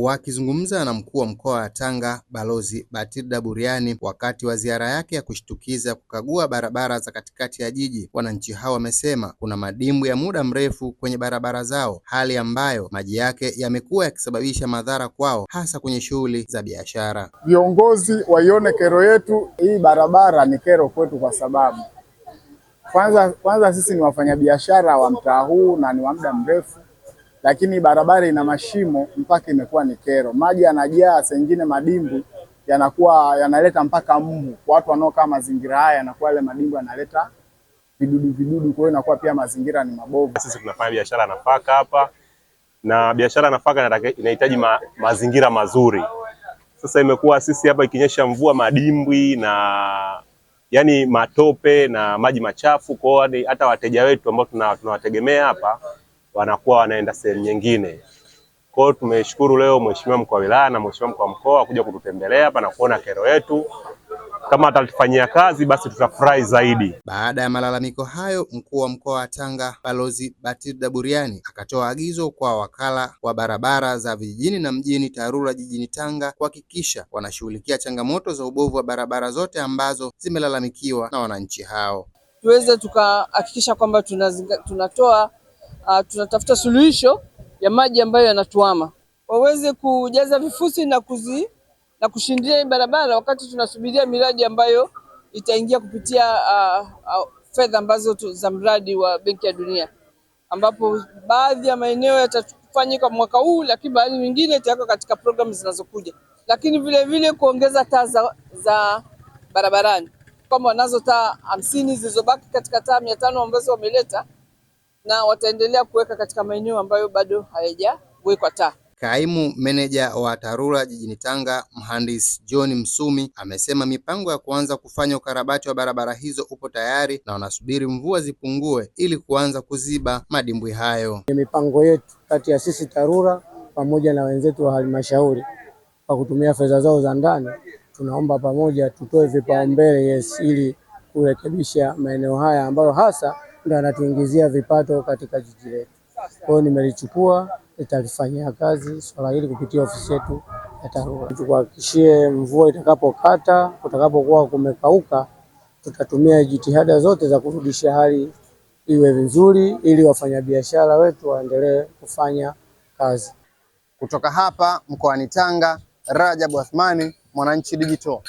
Wakizungumza na mkuu wa mkoa wa Tanga Balozi Batilda Buriani wakati wa ziara yake ya kushtukiza kukagua barabara za katikati ya jiji, wananchi hao wamesema kuna madimbwi ya muda mrefu kwenye barabara zao, hali ambayo maji yake yamekuwa yakisababisha madhara kwao, hasa kwenye shughuli za biashara. Viongozi waione kero yetu, hii barabara ni kero kwetu kwa sababu kwanza kwanza sisi ni wafanyabiashara wa mtaa huu na ni wa muda mrefu lakini barabara ina mashimo mpaka imekuwa ni kero, maji yanajaa, sengine madimbu yanakuwa yanaleta mpaka mbu. watu wanaokaa mazingira haya, yanakuwa yale madimbu yanaleta vidudu vidudu, kwa hiyo inakuwa pia mazingira ni mabovu. Sisi tunafanya biashara ya nafaka hapa, na biashara ya nafaka inahitaji ma, mazingira mazuri. Sasa imekuwa sisi hapa ikinyesha mvua, madimbwi na yani matope na maji machafu, kwa hiyo hata wateja wetu ambao tunawategemea hapa wanakuwa wanaenda sehemu nyingine. Kwa hiyo tumeshukuru leo mheshimiwa mkuu wa wilaya na mheshimiwa mkuu wa mkoa kuja kututembelea hapa na kuona kero yetu. Kama atatufanyia kazi basi tutafurahi zaidi. Baada ya malalamiko hayo, mkuu wa mkoa wa Tanga Balozi Batilda Buriani akatoa agizo kwa wakala wa barabara za vijijini na mjini TARURA jijini Tanga kuhakikisha wanashughulikia changamoto za ubovu wa barabara zote ambazo zimelalamikiwa na wananchi hao, tuweze tukahakikisha kwamba tunatoa uh, tunatafuta suluhisho ya maji ambayo yanatuama, waweze kujaza vifusi na kuzi, na kushindia hii barabara wakati tunasubiria miradi ambayo itaingia kupitia uh, uh, fedha ambazo za mradi wa Benki ya Dunia ambapo baadhi ya maeneo yatafanyika mwaka huu, lakini baadhi mingine itawekwa katika programu zinazokuja. Lakini vile vile kuongeza taa za, za barabarani, kama wanazo taa hamsini zilizobaki katika taa mia tano ambazo wameleta na wataendelea kuweka katika maeneo ambayo bado hayajawekwa taa. Kaimu meneja wa TARURA jijini Tanga, Mhandisi John Msumi amesema mipango ya kuanza kufanya ukarabati wa barabara hizo upo tayari na wanasubiri mvua zipungue ili kuanza kuziba madimbwi hayo. Ni mipango yetu kati ya sisi TARURA pamoja na wenzetu wa halmashauri kwa kutumia fedha zao za ndani, tunaomba pamoja tutoe vipaumbele yes, ili kurekebisha maeneo haya ambayo hasa ndo anatuingizia vipato katika jiji letu. Kwa hiyo nimelichukua, nitalifanyia kazi swala hili kupitia ofisi yetu ya TARURA. Tukuhakikishie mvua itakapokata, kutakapokuwa kumekauka, tutatumia jitihada zote za kurudisha hali iwe vizuri, ili wafanyabiashara wetu waendelee kufanya kazi. Kutoka hapa mkoani Tanga, Rajabu Athmani, Mwananchi Digital.